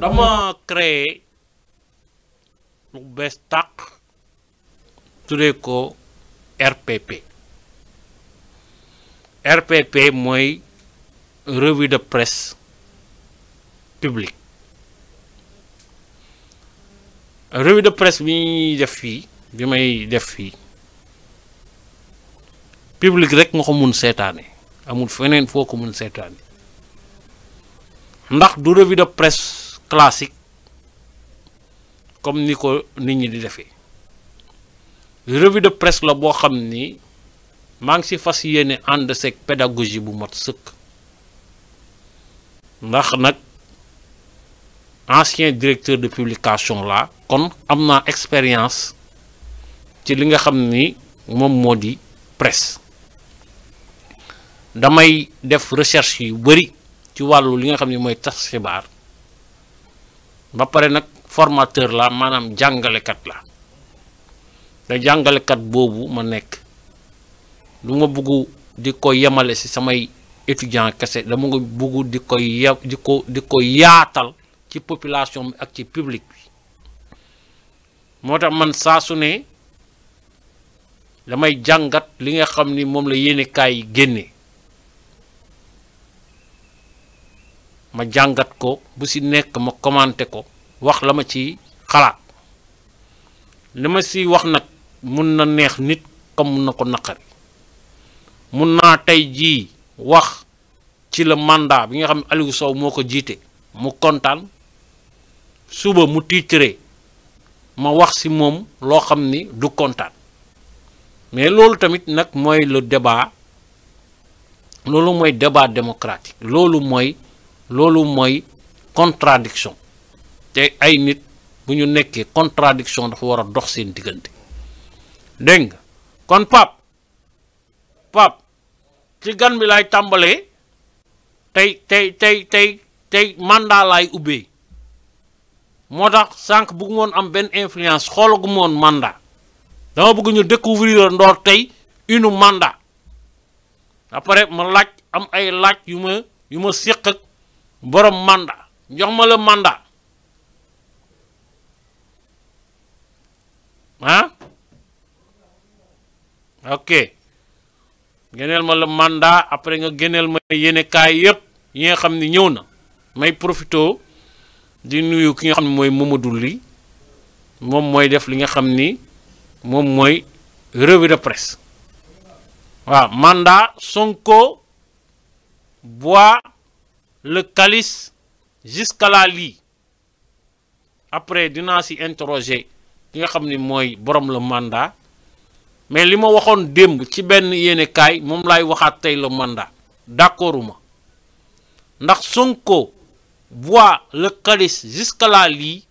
dama kre lu bestak, tureko rpp rpp mooy revue de presse publik, revue de presse mi defi, def defi. bi may public rek nga ko mun seetaane amul feneen foo ko mun seetaane ndax du revue de presse classique comme ni ko nit ñi di defee revue de presse la boo xam ni maa ngi si fas yéene ànd seeg pédagogie bu mat sëkk ndax nag ancien directeur de publication la kon am naa expérience ci li nga xam ni moom moo di presse damay def recherche yu bëri ci wàllu li nga xam ne mooy tas xibaar ba pare nag formateur la maanaam jàngalekat la te jàngalekat boobu ma nekk lu ma bugg di ko yemale si samay étudiant kese dama nga bugg di ko ya di ko di ko yaatal ci population bi ak ci public bi moo tax man saa su ne damay jàngat li nga xam ni moom la yéene yi génne ma jàngat ko bu si nekk ma commenté ko wax la ma ci xalaat li ma si wax nag mun na neex nit comme mun na ko naqari mun naa tey ji wax ci la màndaa bi nga xam ne Aliou Sow moo ko jiite mu kontaan suba mu tiitre ma wax si moom loo xam ni du kontaan mais loolu tamit nag mooy le débat loolu mooy débat démocratique loolu mooy loolu mooy contradiction te ay nit bu ñu nekkee contradiction dafa war a dox seen diggante dégg nga kon pap pap ci gan bi laay tàmbalee tey tey tey tey tey mandat laay ubbee moo tax sànq bëgg moon am benn influence xoolagu moon mandat dama bëgguñu ñu découvrir ndoor tey une mandat après ma laaj am ay laaj yu ma yu ma séq ak borom mànda jox ma la mandat ah ok génneel ma la mandat après nga génneel ma yéene kaay yëpp yi nga xam ni ñëw na may profito di nuyu ki nga xam ne mooy Mamadou li moom mooy def li nga xam ni moom mooy revue de presse waaw mandat Sonko bois le calice jusqu'à la lie après dinaa interrogé, interroger ki nga xam ni mooy borom le mandat mais li ma waxoon démb ci ben yene kay mom lay waxat tay le mandat d'accorduma ndax Sonko voit le calice jusqu'à la lie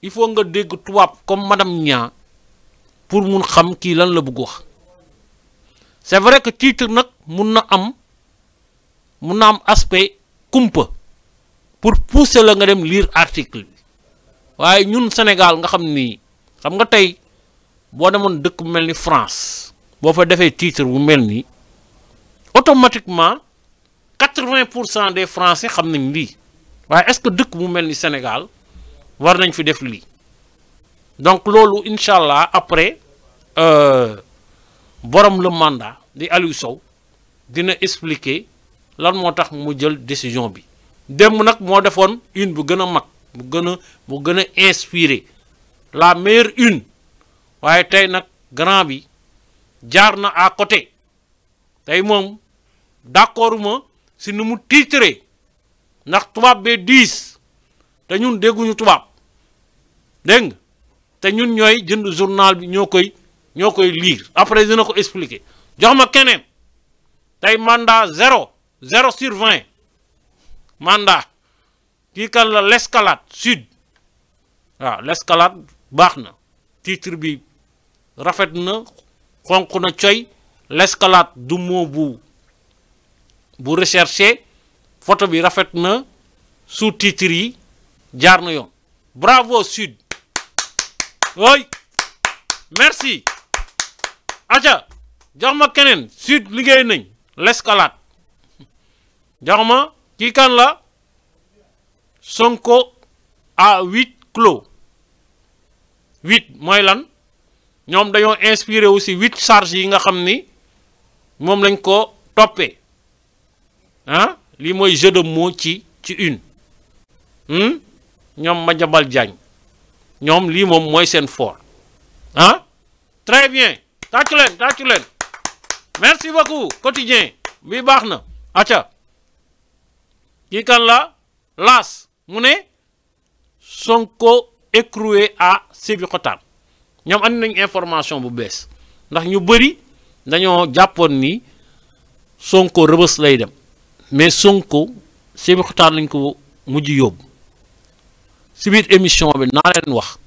il faut nga deg tuap comme madame Nya pour mun xam ki lan la bëgg wax c'est vrai que titre nak mun na am mun na am aspect kumpa pour pousser la nga dem liir article bi waaye ñun Sénégal nga xam ni xam nga tey boo demoon dëkk bu mel ni France boo fa defee tiitre bu mel nii automatiquement quatre-vingt pour cent des Français xam nañ lii waaye est-ce que dëkk bu mel ni Sénégal war nañ fi def lii donc loolu incha allah après euh, borom la mandat di Aliou Sow dina expliquer. lan moo tax mu jël décision bi démb nag moo defoon une bu gën a mag bu gën a bu gën a inspiré la meilleure une waaye tey nag grand bi jaar na à côté tey moom d'accord ma si ni mu tiitre ndax tubaab bee diis te ñun dégguñu tubaab dégg nga te ñun ñooy jënd journal bi ñoo koy ñoo koy lire après dina ko expliquer jox ma keneen tey mandat zéro 0 sur 20 Manda, qui est l'escalade sud ah, l'escalade barne titre bi na l'escalade du vous bu rechercher photo bi rafet sous titre jar bravo sud oui merci aja jox sud liguey l'escalade jox ma kii kan la Sonko à huis clos huit mooy lan ñoom dañoo inspiré aussi huit charges yi nga xam ni moom lañ ko toppee lii mooy jeu de ci ci une hmm? ñoom Madiambal Diagne ñoom lii moom mooy seen fort ah bien tàccu leen tàccu leen merci beaucoup quotidien bi baax na acca kii kan la laas mu ne Sonko écroué à Sébikotane ñoom andi nañu information bu bees ndax ñu bëri dañoo jàppoon ni Sonko rëbës lay dem mais Sonko Sébikotane lañ ko mujj yóbbu si biir émission bi naa leen wax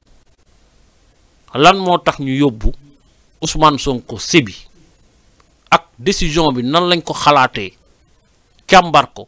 lan moo tax ñu yóbbu Ousmane Sonko Sébi ak décision bi nan lañ ko xalaatee càmbar ko.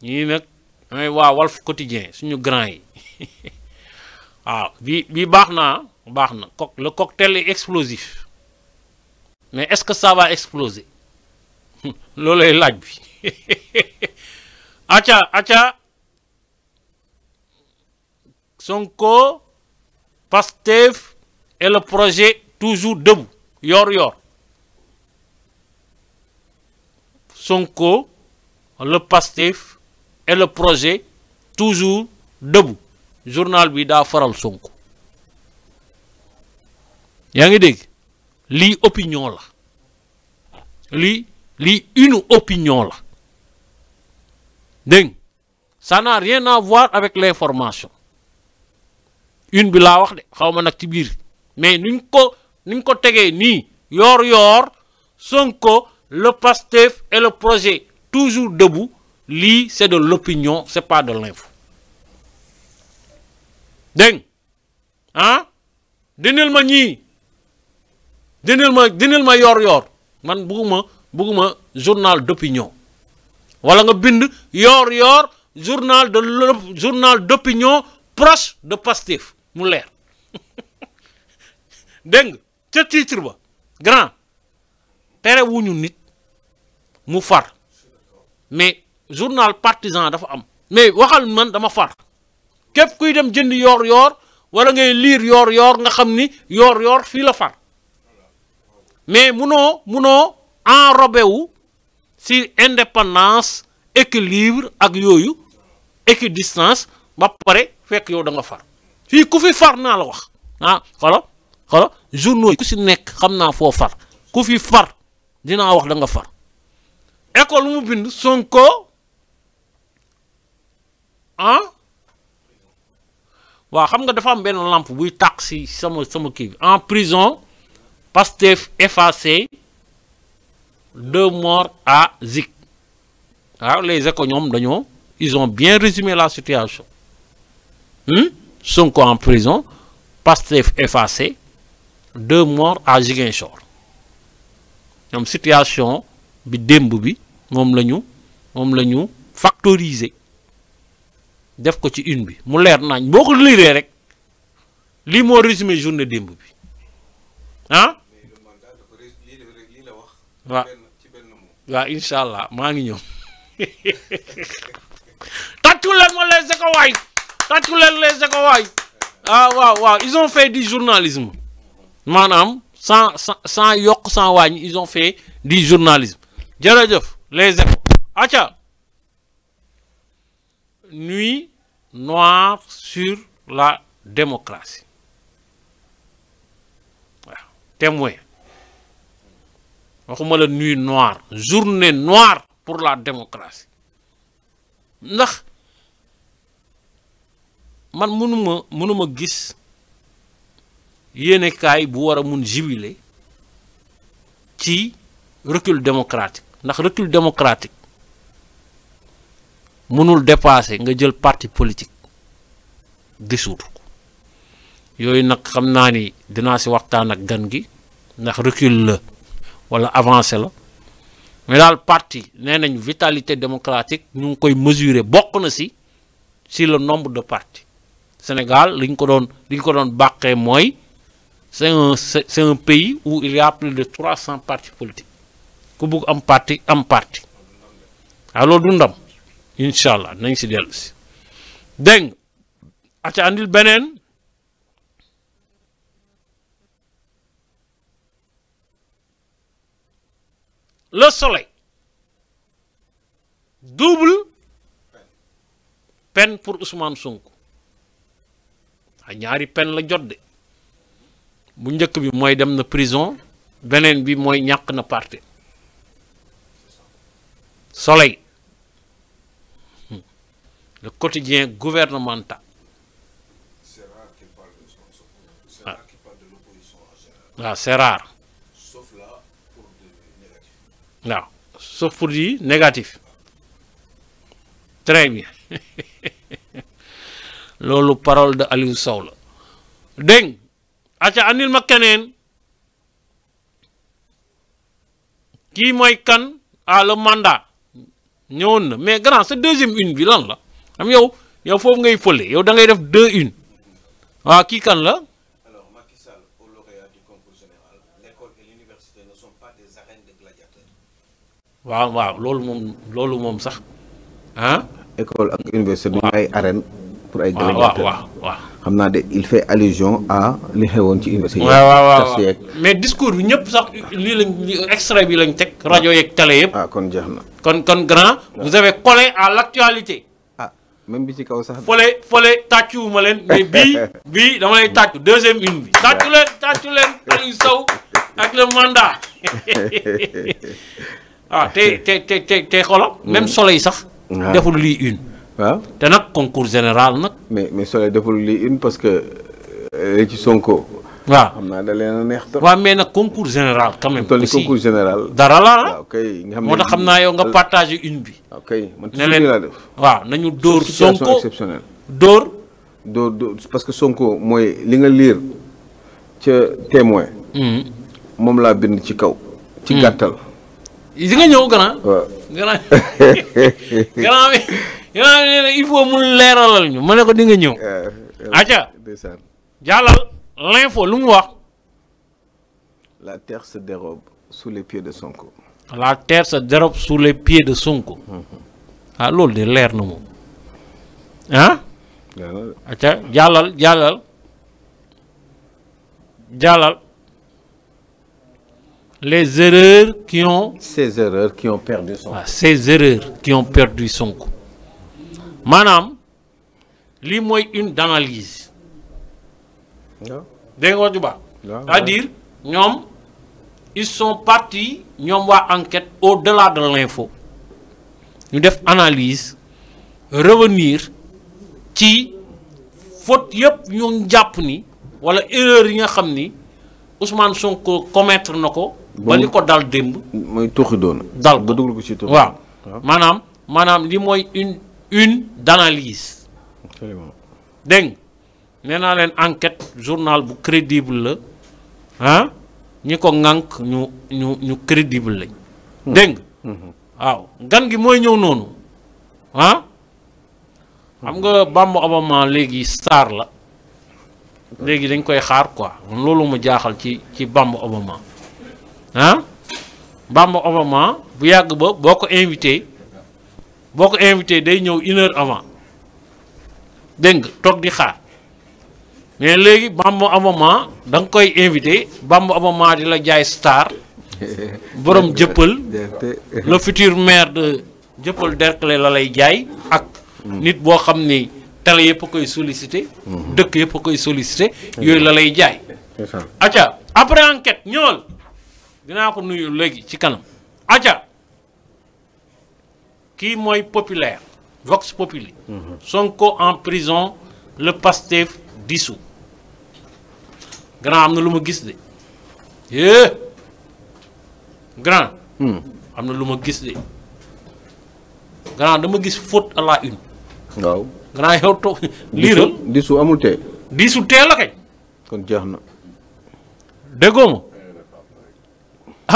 Il me ñooy Wolf Quotidien suñu grand grande Ah, bi le cocktail est explosif mais est-ce que ça va exploser L'olé laaj bi acha. acha. Sonko Pastef et le projet toujours debout yor yor Sonko le Pastef et le projet toujours debout journal Bida... faral Sonko opinion la Li li une opinion la Deng, ça n'a rien à voir avec l'information une bi wax mais ko Sonko le Pastef et le projet toujours debout li c'est de l'opinion c'est pas de l'info Deng, Hein dinil ma Deng dinil ma dinil ma yor yor man buguma buguma journal d'opinion wala nga bind yor yor journal de journal d'opinion proche de Pastif. mu leer Deng. Ce titre ba grand tere wuñu nit mu far mais journal partisan dafa am mais waxal man dama far képp kuy dem jënd yoor-yoor wala ngay liir yoor-yoor nga xam ni yoor-yoor fii la far mais munoo munoo enrobé wu si indépendance équilibre ak yooyu équidistance ba pare fekk yow da nga far fii ku fi far naa la wax ah xolo xolo journaux ku si nekk xam naa foo far ku fi far dinaa wax da nga far école mu bind Sonko ah hein? wa xam nga dafa am benn lampe buy tàq si sama sama kii en prison Pastef effacé deux morts à Zik waaw les éco ñoom dañoo ils ont bien résumé la situation hmm? Sonko en prison Pastef effacé deux morts à Ziguinchor ñoom situation bi démb bi moom lañu ñu moom factoriser def ko ci une bi mu leer nañ boko ko rek li mo résumé journée démb bi ah. waaw waaw incha allah maa ngi ñëw tàccu leen mo les Échos way tàccu leen les Échos way ah waaw waaw ils ont fait du journalisme manam sans sans sans yokk sans wañ ils ont fait du journalisme jërëjëf les Échos acha nuit noire sur la démocratie Voilà. témoin waxuma la nuit noire journée noire pour la démocratie Je man mënuma mënuma gis yéenekaay bu wara a jubiler ci recul démocratique ndax recul démocratique mënul dépasser nga jël parti politique dissoudre ko yooyu nag xam naa ni dinaa si waxtaan ak gan gi ndax recul la wala avancé la mais daal parti nee nañ vitalité démocratique ñu ngi koy mesurer bokk na si si le nombre de partis Sénégal liñ ko doon liñ ko doon bàqee mooy c'est un c'est un pays où il y a plus de 300 partis politiques ku bugg am parti am parti alors du ndam incha allah nañ si dellusi si dégg nga aca andil beneen le soleil double peine pour Ousmane Sonko a ñaari peine la jot de bu njëkk bi mooy dem na prison beneen bi mooy ñàkk na parti soleil le quotidien gouvernemental. C'est rare qu'il parle de son C'est ah. rare qu'il parle de l'opposition en général. Ah, c'est rare. Sauf là pour du négatif. Non, sauf pour du négatif. Très bien. loolu parole de Aliou Deng. la Anil Anil Qui ma keneen kii a ah, le mandat mais grand c'est deuxième une bi là. am yow yow foofu ngay fële yow da ngay def deux une waaw kii kan la. alors Macky waaw waaw loolu moom loolu moom sax ah. école ak université du ay arène pour ay gladiateurs waaw waaw xam naa de il fait allusion à li xewoon ci université. waaw waaw waaw mais discours bi ñëpp sax lii lañ extrait bi lañ teg rajo yeeg télé yëpp. ah kon jeex na kon kon grand. vous avez collé à l'actualité même bi ci kaw sax. fële fële tàccuwuma leen mais bi, bi, dama lay tàccu deuxième une bi. tàccu leen tàccu leen Aliou avec le mandat ah t'es, t'es, t'es, t'es, t'es xoolal. Hmm. même soleil sax. deful lui une. waaw te nag concours général non? mais mais soleil deful lui une parce que sont euh, Sonko. waaw xam naa da leen a neex trop. waaw mais nag concours général quand même. concours général. dara la la. Ah. moo tax xam naa yow nga partage une bi. ok man tuuti lii laa def waaw nañu dóor. Sonko exceptionnelle dóor. dóor dóor parce que Sonko mooy li nga liir ca témoin. Hmm. moom laa bind ci kaw. ci hmm. gàttal. di nga ñëw grand. grand grand il faut mu leeralal ñu ma ko di nga ñëw. acca eh, eh, jàllal. l'info l'unwa la terre se dérobe sous les pieds de son Sonko. la terre se dérobe sous les pieds de son mm-hmm. ah l'eau de l'air, non. Hein ah. Jalal, les erreurs qui ont. ces erreurs qui ont perdu son. Ah, ces erreurs qui ont perdu son Sonko Madame, lis moi une analyse dégg nga wax ju c'est-à-dire ñoom ils sont partis ñoom waa enquête au-delà de l'info ñu def analyse revenir ci faute yëpp ñu jàpp ni wala erreur yi nga xam ni Ousmane Sonko commettre na ko. ba li ko dal démb. mooy tuuxi doon. dal ba dugal ko ci tuuxi waaw maanaam maanaam li mooy une une d'analyse. dégg nee naa leen enquête journal bu crédible la ah ñi ko ŋànk ñu ñu ñu crédible lañ. Hmm. dégg nga hmm. waaw gan gi mooy ñëw noonu ah. xam nga Bamba Obama léegi star la léegi dañ koy xaar quoi loolu mu jaaxal ci ci Bamba Obama ah Bamba Obama bu yàgg ba boo ko invité boo ko invité day ñëw une heure avant dégg nga toog di xaar. mais léegi bambo Amama da nga koy invité bambo Amama di la jaay star borom jëppal le futur maire de jëppal Derklé la lay jaay ak mm. nit bo xamni ni télé yëpp koy solliciter, mm-hmm. deuk yep koy solliciter, yoy la lay j'ai. Acha, après enquête ñol dina ko nuyu légui ci kanam Acha, qui moy populaire vox populi mm-hmm. Sonko en prison le pasteur dissous grand am na lu ma gis de yee eh, grand. Hmm. am na lu ma gis de grand dama gis faute à la une. waaw grand yow toog liiral. diisu amul tee. diisu tee la kay. kon jeex na. déggoo ma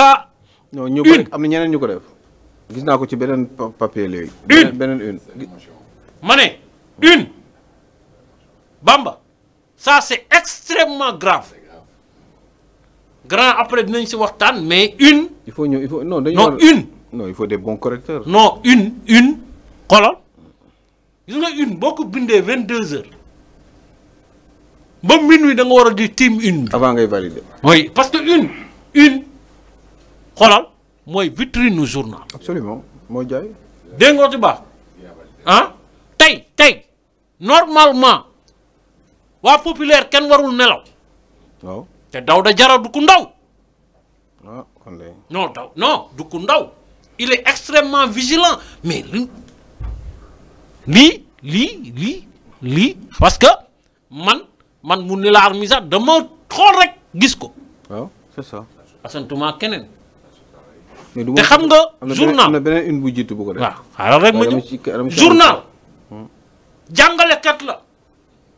ah. non ñu ko am na ñeneen ñu ko def. gis naa ko ci beneen papier léegi. une ma ne une. Bamba. ça c'est extrêmement grave grand après nous, mais une. il faut non une. non il faut des bons correcteurs. non une une il gis nga une beaucoup plus 22 vingt heures Bon minuit da nga a une. avant de valider. oui parce que une une moi, mooy vitrine au journal. absolument Moi, j'ai dégg nga ci Hein? ah normalement wa populaire kenn warul nelaw. wa te daw da Diarra du ku ndaw. waaw ah, kon de. non daw non du ku ndaw il est extrêmement vigilant mais li li li li, lii parce que man man mu ni la armisa dama xol rek gis ko. wa c'est ça. asantuma keneen. te xam nga journal am na une bu jiitu bu ko def. waaw xaaral rek ma ñëw journal hmm. jàngalekat la.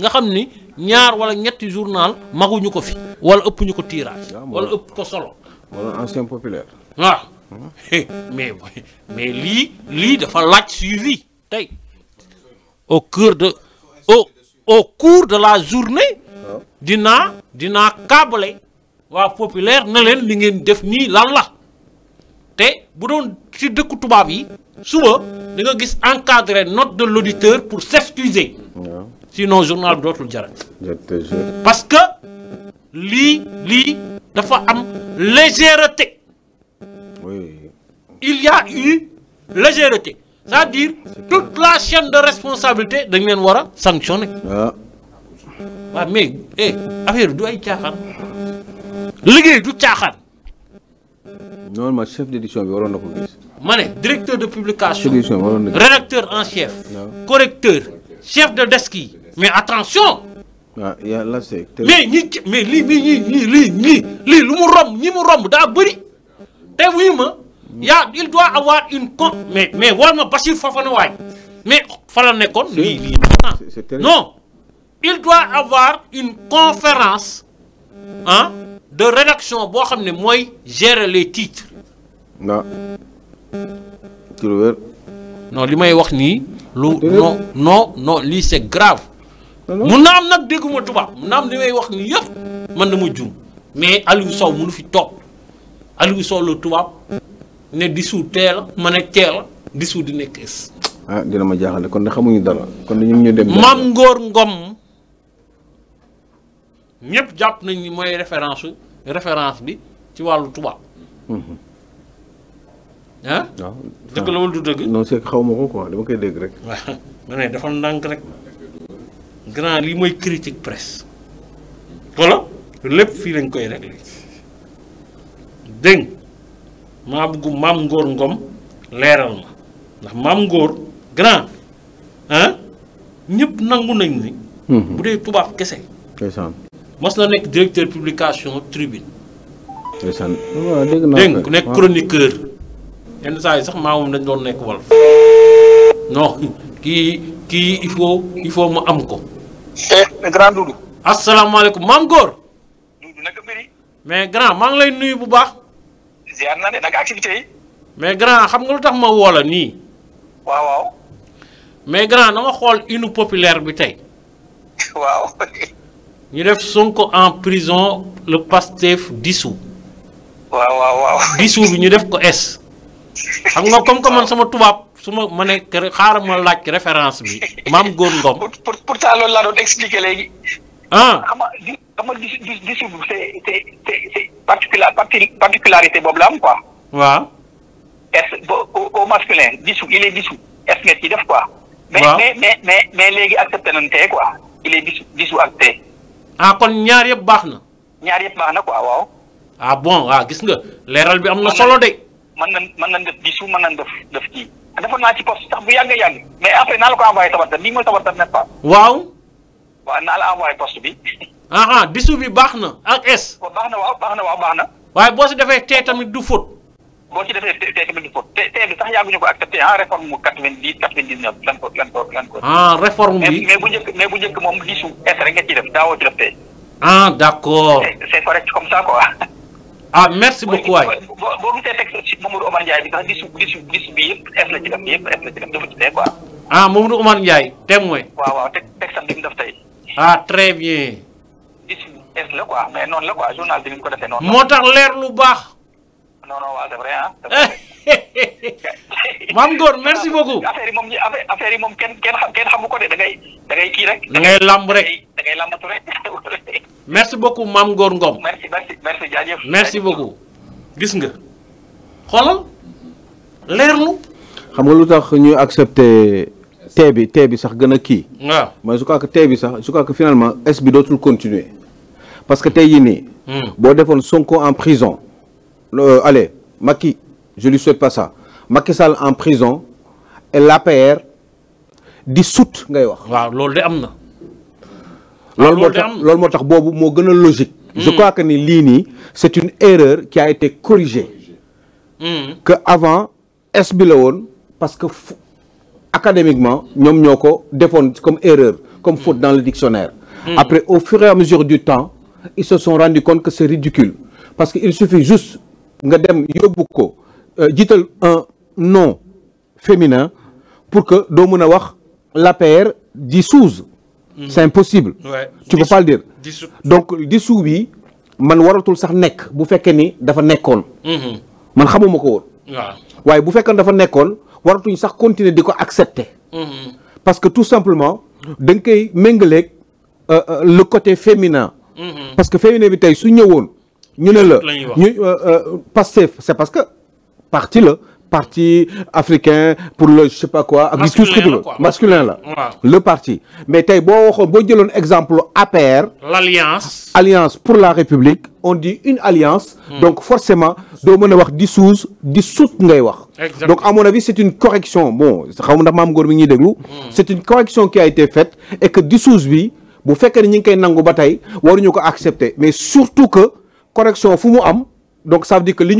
nga xam ñaar wala ñetti journal fi wala ah, ëpp solo ancien populaire mais mais li li dafa suivi au au cours de la journée ah. dina, dina câble wa populaire na leen li ngeen def ni lan la te bu doon ci tubaab nga encadrer note de l'auditeur pour s'excuser ah sinon journal d'autres dootul parce que li li dafa am légèreté oui il y a eu légèreté c'est-à-dire toute la chaîne de responsabilité dañ len wara a sanctionner ah. mais eh affaire du ay caaxaan ligue du caaxaan non ma chef d'édition bi waron nako gis directeur de publication rédacteur en chef ah. correcteur chef de desk mais attention. Ah, mais il doit avoir une mais mais mais non il doit avoir une conférence hein, de rédaction pour que gérer les titres. Non. Tu non non non non c'est grave. mun na am nag dégguma tubaab mun na am li wax nii yëpp man ma juum mais Aliou Sow munu fi toog Aliou Sow la tubaab ne di suut tee la ma ne tee di suut di nekk es ah dina ma jaaxale kon de xamuñu dara kon ñu ñu dem maam Ngor Ngom ñëpp jàpp nañ ni mooy référence référence bi ci wàllu tubaab mhm. ah? ah dëgg la wala du dëgg non c'est xaw ma ko quoi dama koy dégg rek ma ne dafa ndànk rek grand lii mooy critique presse voilà lépp fii lañ koy réglé dégg maa bëggu maam ngóor ngom leeral ma ndax maam ngóor grand ah ñëpp nangu nañ ni mhm. bu dee tubaab kese mas na nekk directeur publication tribune dégg ku nekk chroniqueur yenn saa yi sax maa moom dañ doon nekk wal non kii kii il faut il faut mu am ko eh grand Doudou. asalaamaaleykum maam góor. mais grand maa ngi lay nuyu bu baax. ziar activité mais grand xam nga lu tax ma woo nii. waaw waaw. mais grand dama xool une populaire bi tey. waaw. ñu def Sonko en prison le Pastef dissous. waaw waaw waaw. dissous bi ñu def ko S. xam nga comme que man sama tubaab. su ma ma ne xaaral ma laaj référence bi maam góor Ngom. pour pourtant loolu laa doon expliquer léegi. ah xam nga di xam nga di di di particularité boobu la am quoi. waaw. bo ba au au masculin dissous il est dissous est nga ci def ko mais mais mais léegi accepté nañ tey ko il est dissous dissous ah kon ñaar yëpp baax na. ñaar yëpp baax na ko waaw. ah bon ah gis nga leeral bi am na solo de. mën na mën na def bisu mën na def def kii defoon naa ci poste sax bu yàgg yàgg mais après naa la ko envoyé tabarta bii mooy tabarta ne pas waaw waaw naa la poste bi ah bisu bi baax ak s waaw baax na waaw baax tamit du ci eh, tamit du ah, ah, bi sax ko eh, ah réforme mu quatre lan ko lan ko lan ko ah réforme bi mais bu njëkk mais bu njëkk moom bisu s rek nga def ci def ah d' accord correct eh, comme ça quoi ah merci beaucoup waay boo boo gisee teg ci Mamadou Oumar Ndiaye bi sax dis dis dis bi yëpp def na ci dem yëpp def na ci dem dafa ci dee quoi. ah Mamadou Oumar Ndiaye témoin. waaw def tey. ah très bien. dis bi def la quoi mais noonu la quoi journal bi ni mu ko defee noonu. moo tax leer lu baax. non non waaw c'est vrai ah. maam Góor merci beaucoup. yi moom kenn kenn kenn xamu ko de làmb rek da ngay làmbatu rek. merci beaucoup maam Góor Ngom. merci merci gis nga xoolal leerlu. xam nga lu tax ñuy accepté. tee bi tee bi sax gën a kii. waaw mais je crois que tee bi sax je crois que finalement est bi dootul continuer parce que tey jii nii. Hmm. boo defoon Sonko en prison. allez, Maki, je ne lui souhaite pas ça. Maki Sale en prison et l'APR dissoute hmm. je crois que ni c'est une erreur qui a été corrigée. Hmm. que avant S parce que académiquement Nyom comme erreur comme faute hmm. dans le dictionnaire. après au fur et à mesure du temps ils se sont rendus compte que c'est ridicule parce qu'il suffit juste nga Yobuko euh, un nom féminin pour que la la pair c'est impossible tu peux pas le dire donc dissous bi man waratul sax bu ni dafa mhm. man tu ko tu dafa tu sax continuer de accepter mhm. parce que tout simplement euh, euh, le côté féminin mhm. parce que féminin bi su ñu euh, euh, c'est parce que parti le, parti africain pour le je sais pas quoi tout ce masculin le parti mais tey boo waxoon un exemple APR l'alliance alliance pour la république on dit une alliance hmm. donc forcément de mon avoir dissous, dissoute dissoute ngay donc à mon avis c'est une correction bon hmm. c'est une correction qui a été faite et que dissous bi bu faites que ngi koy nangu ba accepter mais surtout que correction am donc ça veut dire que li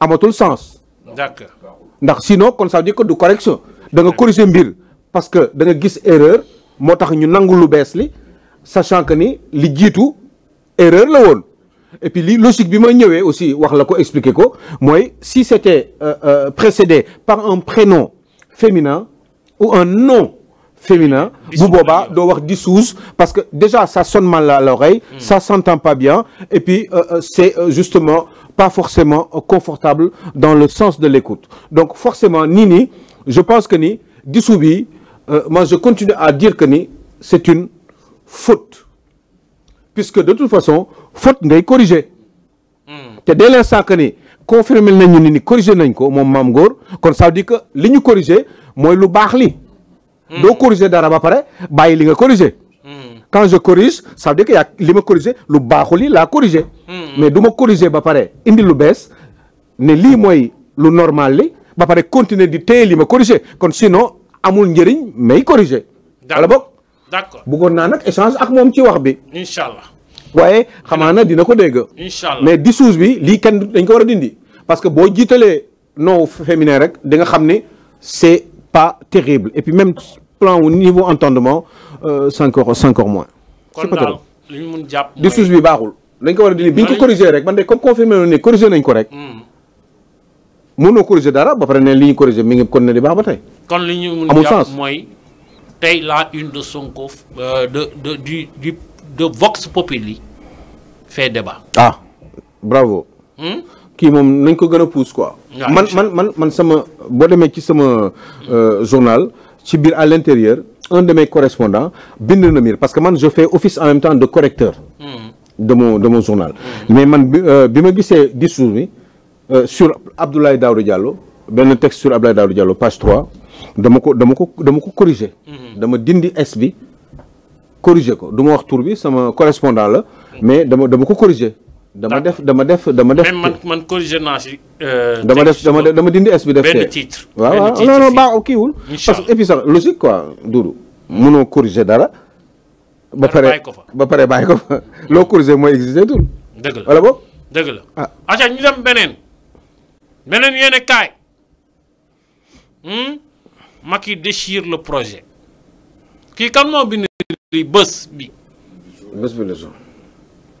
a tout le sens. d'accord ndax sinon quand ça veut dire que de correction da nga corriger bille parce que da nga gis erreur moo ñu nangu sachant que ni li tout erreur la won. et puis li logique bi ma aussi wax la expliquer ko moi si c'était euh, euh, précédé par un prénom féminin ou un nom féminin. bu doit avoir wax parce que déjà ça sonne mal à l'oreille hmm. ça s'entend pas bien et puis euh, euh, c'est euh, justement pas forcément confortable dans le sens de l'écoute donc forcément Nini, je pense que ni dissous moi je continue à dire que ni c'est une faute puisque de toute façon faute ngay corriger corrigée. Hmm. dès l'instant que ni confirmer nañu ni corriger nañ ko ça veut dire que li corriger mooy lu Hmm. doo corriger dara ba pare bàyyi li nga corriger. Hmm. quand je corrige ça veut yaa li ma corriger lu baaxul yi laa corriger. Hmm. mais du ma corriger ba pare indi lu bees ne lii mooy lu normal li ba pare continuer di téye li ma corriger kon sinon amul njëriñ may corriger. wala boog d'accord bëggoon naa nag échange ak moom ci wax bi. incha allah waaye xamaa na dina ko dégg. incha allah mais dissous bi li kenn dañ ko war a dindi parce que boo jiitalee non féminin rek di nga xam ni c'est pas terrible. Et puis même plan au niveau entendement, c'est encore, encore moins. C'est pas terrible. di suuf corriger comme confirmé le corriger incorrect ko rek. pas hmm. corriger dara ba pare li corriger mi ngi une de son euh, de de du du de Vox Populi fait débat. ah bravo. Hmm? kii mom nañ ko gën pousse quoi. man man man man sama bo démé ci sama euh, journal ci biir à l'intérieur un de mes correspondants bind na mir parce que man je fais office en même temps de correcteur. Hmm. de mon de mon journal. Hmm. mais man bima euh, gissé discours bi euh, sur Abdoulaye Daouda Diallo benn texte sur Abdoulaye Daouda Diallo page 3 dama ko dama ko dama ko corriger. Hmm. dama dindi S bi corriger ko duma wax tour bi sama correspondant la mais dama dama ko corriger. dama def dama def dama def. même man man corrigé naa si. Euh, dama def dama dama dindi S bi def. benn titre waaw waaw non non baax kiiwul. parce que et puis sax logique quoi Doudou. mënoo corrigé dara. ba pare ba pare bàyyi ko fa loo corrigé mooy existé tul. dëgg la wala boog. dëgg la ah. acca ñu dem beneen. beneen yéene kaay. Hmm? Macky déchire le projet. kii kan moo bind lii bés bi. bés bi la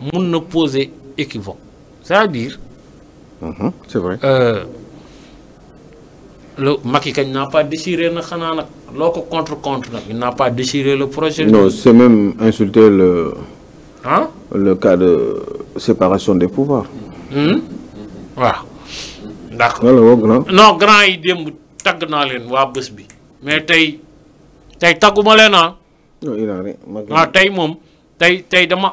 mun opposé poser équivoque c'est-à-dire. Mhm, c'est vrai. Euh, le Macky n'a pas déchiré na xanaa nag contre contre il n'a pas déchiré le projet. non c'est même insulter le. hein? le cas de séparation des pouvoirs. Hmm? d'accord non grand idée démb tagg naa leen waa bi mais tu es tagguma leen ah. non ah, dama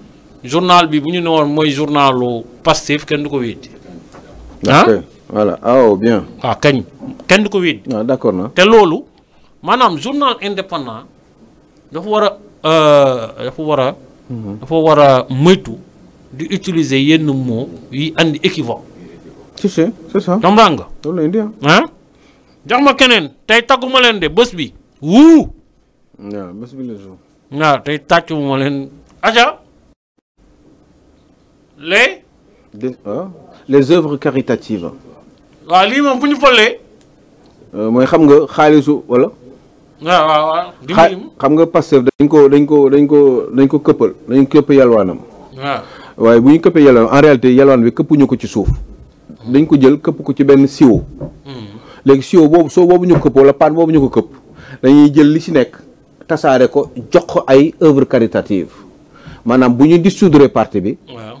journal bi buñu ñu moy woon passif ah? voilà ah oh, bien. Ah, ah, d'accord non. té Madame, journal indépendant Il faut voir... Il faut voir... Il faut moytu di utiliser yenn mots yi andi équivoque. c'est ça c'est ça. tambanga jox ma len de bëss bi. jour. aja les des, euh, les œuvres caritatives. waaw lii moom fu ñu follee. Euh, mooy xam nga khalisou wala. waaw waaw waaw. xam nga pasteur dañ ko dañ ko dañ ko dañ ko keppal dañ ko këpp yalwaanam. waaw ah. waaye bu ñu këppee en réalité yalwaan bi keppu ñuko ci souf dañ ko jël kepp ko ci ben siwo. Hmm. légui siwo bobu so bobu ñuko ko këpp wala paan boobu ñu ko dañuy jël li ci nek tassaré ko jox ko ay œuvre caritative manam buñu ñu dissoudre parti bi. waaw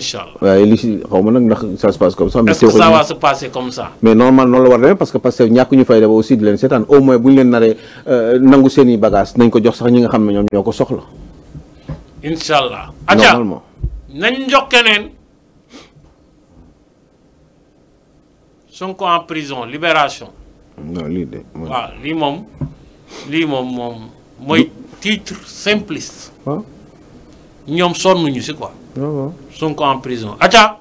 incha waaye li si xaw ma nag ndax ça se passe comme ça. mais est-ce normal noonu la war a demee parce que parce que ñàkk ñu fay def aussi di leen seetaan au moins bu leen naree euh, nangu seen i nañ ko jox sax ñi nga xam ne ñoom ñoo ko soxla. incha allah. nañ jox keneen Sonko en prison libération. lii moom lii moom moom mooy titre simpliste. ñoom sonnuñu si quoi. son Sonko en prison. Acha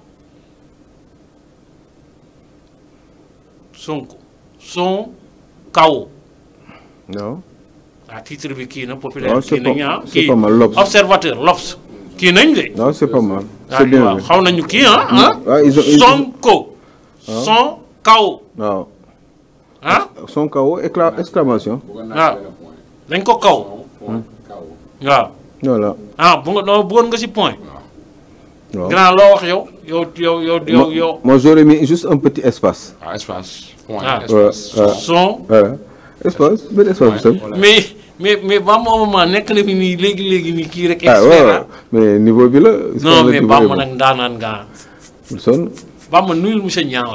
Sonko. Son kao Non. À titre de qui est populaire, non, qui ah, pas, mal, observateur, l'Obs. Qui n'est Non, c'est pas mal. Ah, c'est bien. nañu hein? Ah, ah. Sonko. Son kao Non. Hein? Son kao exclamation. Ah. Dañ ko hmm. Non Ah. bon, bon, bon, bon, bon, grand l'or yo yo yo yo moi j'aurais mis juste un petit espace. espace. ah espace ah. son. espace espace mais mais mais moment ah, mais niveau de la. non mais monsieur Nyan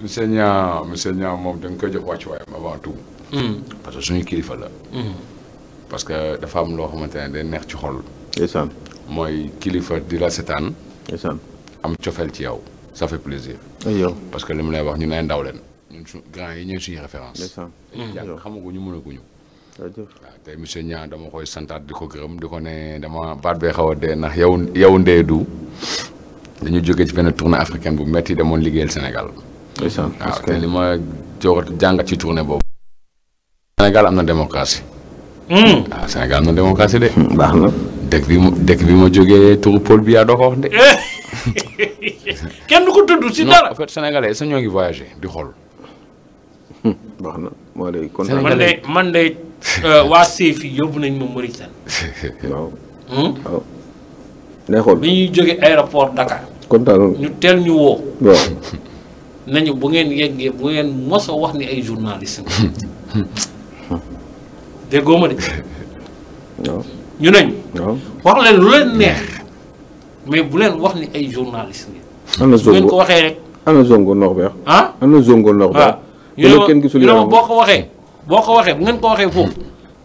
monsieur monsieur avant tout. Hmm. parce que le la. Hmm. parce que femme mooy kilifa di la setaan am cofeel ci yow ça fait parce que li mu lay wax ñu ay ndaw leen ñun su grand yi ñooy suñu référence yàgg xamaguñu mënaguñu waaw tey monsieur Niang dama koy santaat di ko gërëm di ko ne dama baat bee xaw a dee ndax yow yow ndee du dañu jógee ci benn tournée africaine bu metti demoon liggéeyal Sénégal waaw te li ma jox jàngat ci tournée boobu Sénégal am na démocratie hmm. waaw Sénégal am na démocratie de hmm, baax na dëkk bi ma dëkk bi ma jógee turu Paul Biya doo ko wax kenn du ko tudd si dara non en fait sénégalais ñoo ngi voyagé di xool. baax na moo man de man de euh, waa Séfi yóbbu nañ ma Mauritanie. waaw. Hmm? waaw. neexoon bi ñuy jógee aéroport Dakar. kontaanoon ñu teel ñu woo. nañu bu ngeen yeggee bu ngeen mos wax ni ay journaliste nga. déggoo ma de. ñu nañ wax leen lu leen neex mais bu leen wax ni ay journaliste ngeen ana zongo ko waxee rek ana zongo norbert ah ana zongo norbert ñu ne kenn gisul yow boo ko waxee boo ko waxee ngeen ko waxee foofu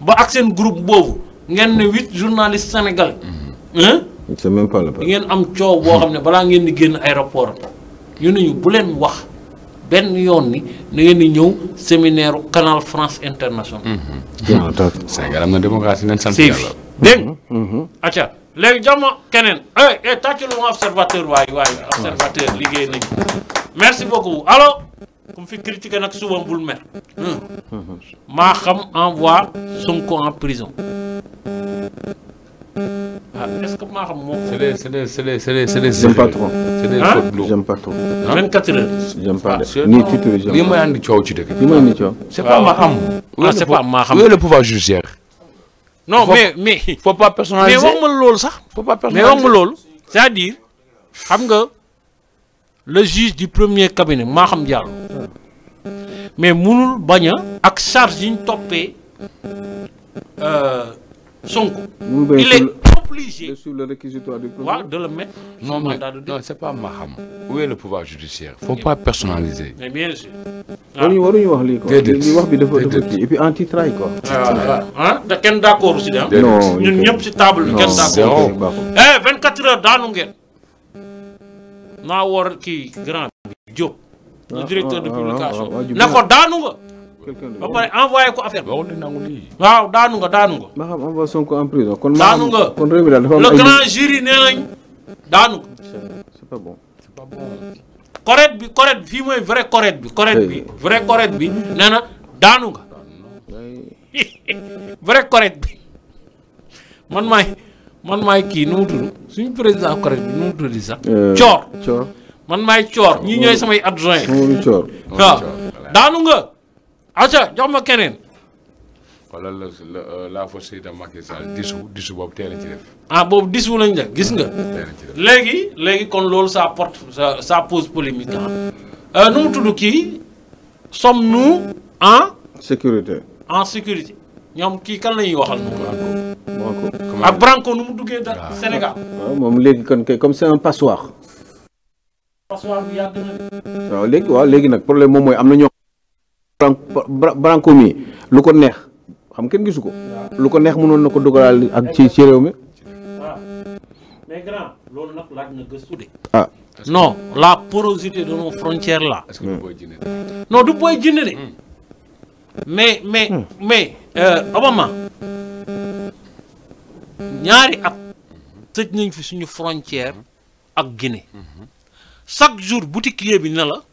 ba ak seen groupe boobu ngeen ne huit journalistes sénégalais mm-hmm. hein c'est même pas le ngeen am coow boo xam ne balaa ngeen di génn aéroport ñu ne ñu bu leen wax ben yoon ni na ngeen di ñëw séminaire canal france international mm-hmm. sénégal am na démocratie leen sant yàlla merci beaucoup Alors? Je fi critiqué le hmm. mm-hmm. en prison. Ah, est-ce que c'est c'est c'est pas ah, pas 24 heures. pas c'est pas pas le pouvoir non mais mais mais faut pas personnaliser mais on ne ça. faut pas personnaliser mais c'est-à-dire xam le juge du premier cabinet Mahamdial, mais munul bañ a. ak charge Sonko. il est obligé. Sur le réquisitoire du de le mettre. Non, mais, non, c'est pas Maham. Où est le pouvoir judiciaire Faut pas personnaliser. Mais bien sûr. On y ah. wax lii quoi li wax bi dafa et puis anti trahi quoi. Ah, hein? te kenn d'accord aussi hein? nous ñun ñëpp si table bi d'accord. non eh 24 heures dans ngeen. naa war kii grand Diop. le ah, directeur de publication. d'accord? ko daanu ba pare envoyé ko affaire waaw daanu nga daanu nga. ma xam envoyé Sonko en prison kon. daanu kon réew mi daal dafa am le grand jury nee nañ daanu nga. c'est pas bi correct fii mooy vrai correct bi. correct bi vrai correct bi nee na daanu nga. vrai bi man maay man maay kii nu mu tudd suñu président correct bi nu mu euh, man maay coor ñii ñooy samay adjoint. moomu coor waaw aca jox ma keneen. wala la la euh, fa Seyda Macky Sall mm. disu disu boobu teel a ci def. Ah, boobu disu lañ def gis nga. Mm. léegi léegi kon loolu ça porte ça ça pose polémique mm. euh, nu mu tudd kii sommes-nous en. sécurité. en sécurité ñoom kii kan la ñuy waxal. Branco ak ah, Branco nu mu duggee da ah. Sénégal. waaw moom léegi kon kay comme c'est un passoire. waaw léegi waaw léegi nag problème moom mooy am na ñoo. Branco mi lu ko neex xam kenn gisu ko. lu ko neex mënoon na ko dogalaal ak ci ci réew mi. mais loolu nag laaj ah. non la porosité de nos frontières là. est-ce que du booy jinne de. Hmm. Hmm. mais mais hmm. mais euh, Obama ñaari at tëj nañ fi suñu frontière ak Guinée chaque jour boutiquier bi ne la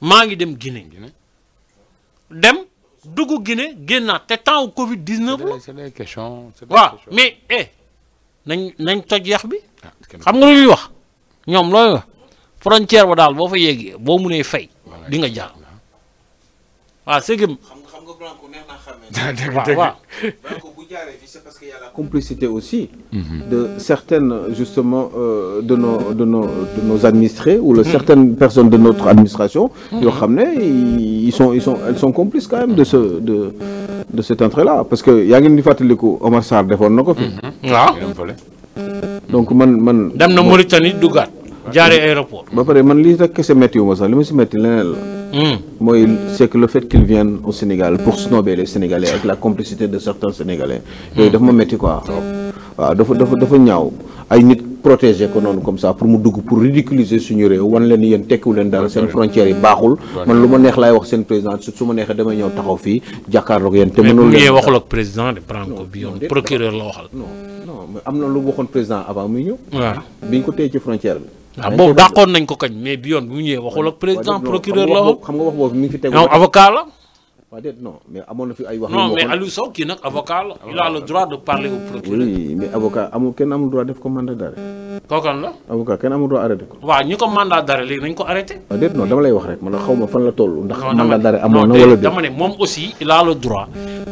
maa ngi dem Guinée. dem dugg Guinée génnaat te temps wu Covid 19 la. c'est des questions c'est des questions waaw mais eh nañ nañ toj yax bi. Ah, xam nga lu wax ñoom looy wax frontière ba daal boo fa yeggee boo mënee fay. di nga jaar c'est que. xam nga Blanco neex c'est parce qu'il y a la complicité aussi mhm. de certaines, justement, euh, de, nos, administrés ou mhm. certaines personnes de notre administration, mhm. ils, sont, ils sont, elles sont complices quand même de, ce, de, cette entrée-là. Parce que, il y a une fatilico, Omar Sarr, défend nos Donc, man, man, Dame de Mauritanie, jaaree aéroport. ba pare man lii rek kese métti wu ma sax li ma si métti leneen la. Hmm. mooy c' que le fait qu'ils viennent au Sénégal pour snober les Sénégalais avec la complicité de certains Sénégalais. yooyu hmm. dafa ma métti quoi. waaw dafa dafa dafa ñaaw ay nit protéger ko noonu comme ça pour mu dugg pour ridiculiser suñu réew wan leen yéen tekkiwu leen dara seen frontières yi baaxul man lu ma neex wax seen président su ma neexee damay ñëw taxaw fii jàkkaarloog yéen te mënul leen waxul ak président de prendre ko bi procureur la waxal non non mais na lu waxoon président avant muy ñëw biñ ko téye ci frontière waaw ah, boobu dàqoon nañ ko kañ mais bi yoon bu mu ñëwee waxul ak président procureur la woon xam nga wax boobu mi ngi fi tegu avocat la waaw mais amoon na fi ay wax non mais Aliou kii nag avocat la il a le droit de parler au procureur mais avocat amul droit def ko mandat d'arrêt kookan la. avocat kenn amul droit ñi ko mandat d'arrêt léegi nañu ko arrêté. ah déet dama lay wax rek man xaw ma fan la toll. ndax mandat d'arrêt amoon na wala dama ne moom aussi il a le droit.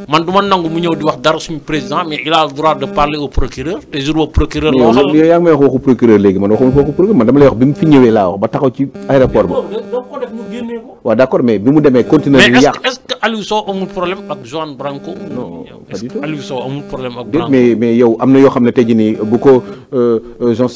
man du nangu mu ñëw di wax dara suñu président mais il a droit de parler au procureur te jour boobu procureur. la waxal yow yaa ngi may wax waxu procureur léegi man wax mu fi ñëwee laa wax ba taxaw ci aéroport ba. waaw d' accord mais bi mu demee continuer nañu mais yoo xam ne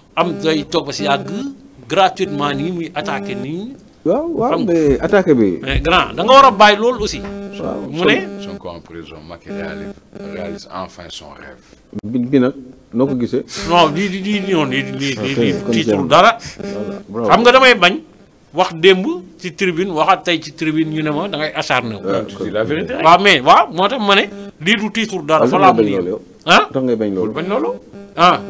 am day topp si yàgg gratuitement nii muy attaqué nii. waaw waaw mais attaqué bi. mais grand da nga war a bàyyi loolu aussi. waaw mu ne. Sonko en prison Macky réalise réalise enfin son rêve. bi bi nag noo ko gisee. non di di di non di di di titre dara. xam nga damay bañ. wax démb ci tribune waxaat tey ci tribune ñu ne ma da ngay acharné wu. la vérité waaw mais waaw moo tax ma ne. lii du titre dara. fa laa bëgg yow ah. tax ngay bañ loolu bañ loolu ah.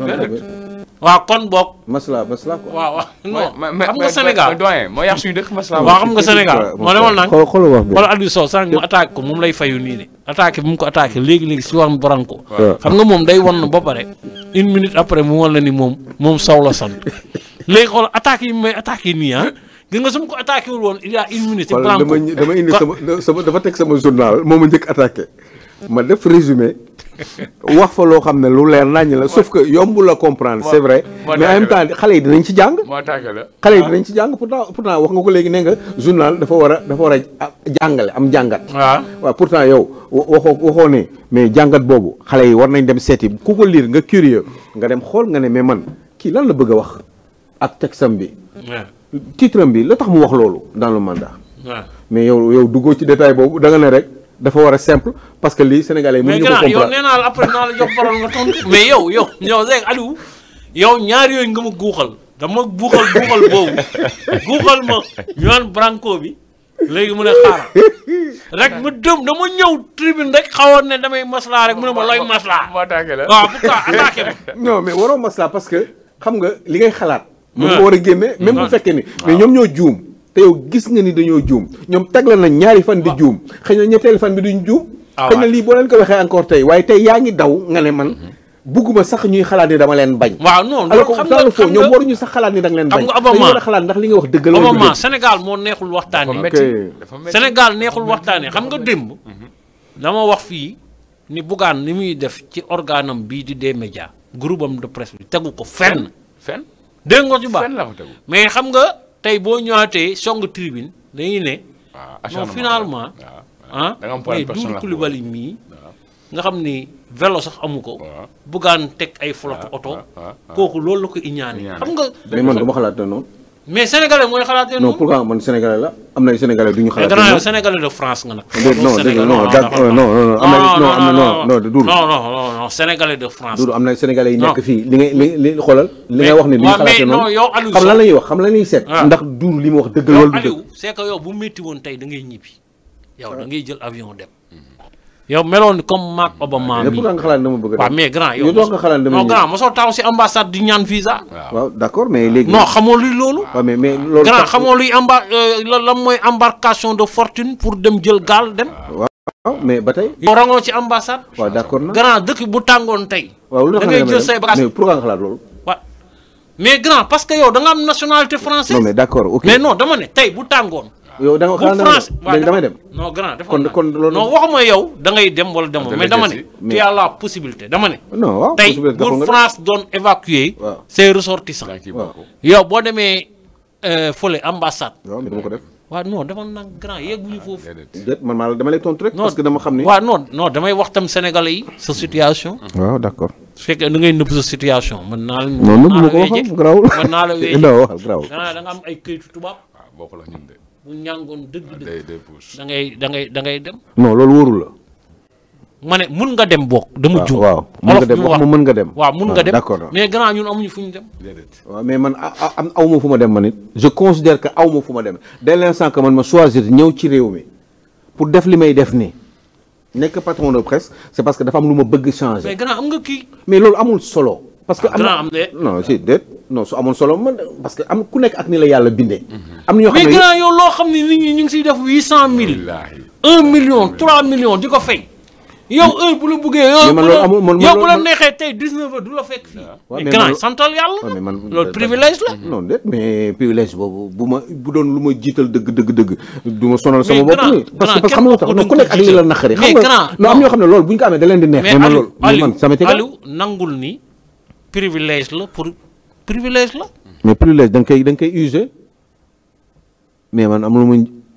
waaw kon boog. masla masla quoi waaw waaw. non xam nga Sénégal doyen moo yàq suñu dëkk masla. waaw xam nga Sénégal moo demoon nag. xool xool wax bi xool Aliou Sow sànq mu attaqué ko moom lay fayu nii de. attaqué bi mu ko attaqué léegi léegi si wàllum branco. xam nga moom day won na pare. une minute après mu won ni moom moom Sow la sant léegi xool attaque yi may attaqué nii ah. gis nga su ma ko attaqué wul woon il y a une minute. si branco dafa teg sama journal moo ma njëkk attaqué. ma def résumé wax fa loo xam ne lu leer nañ la sauf que yomb la comprendre c'est vrai mais en temps xale yi dinañ ci jàng xale yi ah. dinañ ci jàng pourtant pourtant wax nga ko léegi ne nga journal dafa war a dafa war a jàngale am jàngat ah. waaw pourtant yow waxoo waxoo ne mais jàngat boobu xale yi war nañ dem seeti ku ko lire nga curieux nga dem xool nga ne mais man kii lan la bëgg a wax ak texam bi ah. titre bi la tax mu wax loolu dans le mandat mais yow yow duggoo ci détail boobu da nga ne rek dafa war a simple parce que lii sénégalais yi. mënuñu ko comprendre mais yow nee naa la après mais yow yow yow Seck yow ñaar yooyu nga ma guuxal dama guuxal guuxal boobu guuxal ma ñu branco bi léegi mu ne xaaral rek ma dëm dama ñëw tribune rek xawoon ne damay maslaa rek mu ne ma looy maslaa. moo attaqué la waaw pourquoi attaqué ma. non mais waroo maslaa parce que xam nga li ngay xalaat. moom nga war a génne. même bu fekkee ni mais ñoom ñoo juum. te yow gis nga ni dañoo joom ñom tagla na ñaari fan di joom xeyna ñettel fan bi duñ joom ah, xeyna li bo len ko waxe encore tay waye tay yaangi daw nga ne man mhm. buguma sax ñuy xalaat ni dama len bañ waaw non alors que dans ñom waru ñu sax xalaat ni da len bañ xam wara xalaat ndax li nga wax deug la avament Sénégal mo neexul waxtaane Sénégal neexul waxtani xam nga demb mhm. dama wax fi ni bugan ni muy def ci organam bi di des médias groupe de presse bi teggu ko fenn fenn dégg nga ci baax mais xam nga tey boo ñëwaatee song tribune dañuy ne. non finalement. ah mais Doudou Coulibaly mii. nga xam ni vélo sax amu ko. buggaan teg ay flotte oto. kooku loolu la ko iñaane xam nga. mais man dama xalaat noonu. mais sénégalais mooy xalaatee noonu. non pourquoi man sénégalais la am na ay sénégalais du ñu xalaatee noonu. sénégalais de France nga nag. non non non non sénégalais de France. Doudou amna na sénégalais yi nekk fii li ngay li li xoolal. li nga wax ne li ñu xalaatee noonu xam lan la ñuy wax xam lan la ñuy seet. Ah. ndax Doudou li wax dëgg loolu. du c'est que yow bu métti woon tey da ngay ñibbi. yow da ngay jël avion dem. Mm-hmm. yow meloon comme Marc mm-hmm. Obama mi nga xalaat dama bëgg a mais grand yow nga xalaat dama non grand mosoo taw si ambassade di ñaan visa waaw d'accord mais ah. léegi non xamoo luy loolu waaw ah, mais mais loolu grand xamoo luy amba euh, lan mooy embarcation de fortune pour dem jël gal dem waaw oh, mais ba tey. yow rangoo ci ambassade. waaw d'accord na grand dëkk bu tàngoon tey. waaw lu da ngay jël say bagages mais mais grand parce que yow da nga am nationalité française. non mais d'accord ok mais non dama ne tey bu tàngoon. yow da nga France léegi damay dem. non grand dafa kon kon loolu. non yow da ngay dem wala demoo mais dama ne. tu as la possibilité dama ne. non waaw tey bu France doon évacuer. ses ressortissants. yow boo demee euh, fële ambassade. waaw dama ko def. waaw non dama nag grand ah, yegguñu ah, foofu. man maa dama lay tontu rek. parce que dama xam ni. waaw non non damay wax tam sénégalais yi. sa situation. Mm-hmm. waaw d' accord. su fekkee da ngay nëbb sa situation mën naa la. non nëbbuma ko waxam garaawul naa la weeje non waxal garaawul. da nga am ay këyitu tubaab. waaw ah, bokkul ak ñun de. bu ñàngoon da ngay da ngay da ngay dem. non loolu wóorul la. mané mën nga dem bok dama juum waaw mën nga dem mo mën nga dem waaw mën nga dem mais grand ñun amuñu fuñu dem dem waaw mais man am aw ma fu dem man je considère que aw fuma dem dès l'instant que man ma choisir ñew ci réew mi pour def limay def ni nek patron de presse c'est parce que dafa am luma bëgg changer mais grand am nga ki mais loolu amul solo parce que ah, am non si déet non su amul solo man parce que am ku nekk ak ni la yalla bindé mhm. am ñu xamné mais grand yow lo xam nit ñi ñu ngi ci def 800000 1 million 3 millions diko fay yow heure bu lu buggee yow bu la nexé tay 19 h du la fekk fi grand santal yalla man privilège la. Mm-hmm. non déet mais privilège bobu bu ma bu don lu ma jiital deug deug dëgg ma sonal sama bop mais parce que que xam nga tax non ku nek ak li la naqari. mais grand non am ñoo xamne ne buñ ko amé da leen di neex. mais man loolu sama tégal Aliou nangul ni privilège la pour privilège la. mais privilège dang kay dang kay user mais man am lu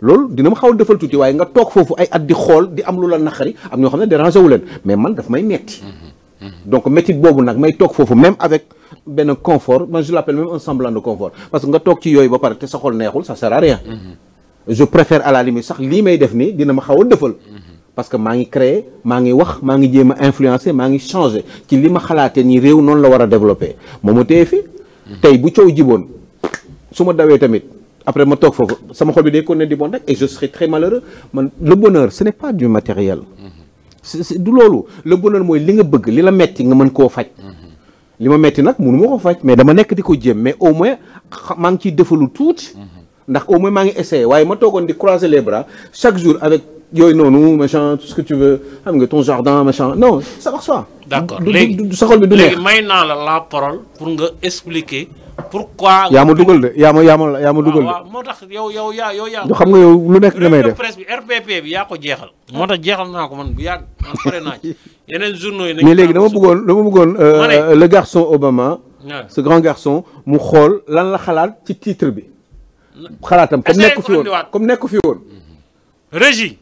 lol dina ma xaw defal tuuti way nga tok fofu ay at di xool di am lula la am ñoo xamne ne dérangé wu leen mais man daf may metti donc metti bobu nak may tok fofu même avec ben confort man je l'appelle même un semblant de confort parce que nga tok ci yoy ba pare té sa xol neexul ça sert à rien je préfère à la limite sax li may def ni dina ma xaw defal parce que ma ngi créer ma ngi wax ma ngi jema influencer ma ngi changer ci li ma xalaatee nii réew non la wara développer moo ma téye fi tey bu ciow jibon suma ma tamit après ma toog foofu sama xol bi day continuer di bon et je serai très malheureux man le bonheur ce n'est pas du matériel. c'est du loolu le bonheur mooy li nga bëgg li la metti nga mën koo faj. li ma metti nag mënu ma ko faj mais dama nekk di ko jéem mais au moins maa ngi ciy defalu tuuti. ndax au moins maa ngi essayé waaye ma toogoon di croiser les bras chaque jour avec non nous machin tout ce que tu veux ah, ton jardin machin non ça marche pas. d'accord la parole pour nous expliquer. pourquoi. yamo dougal de yamo yamo ah, yow yow ya yow ya xam nga yow lu presse bi RPP bi ya ko motax man bu man journaux yi. mais légui dama bëggol dama euh, le garçon Obama. ce grand garçon mu xol lan la ci titre bi. comme nekk fi comme fi régie.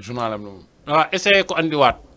journal am la moom. waaw essayé ko andiwaat.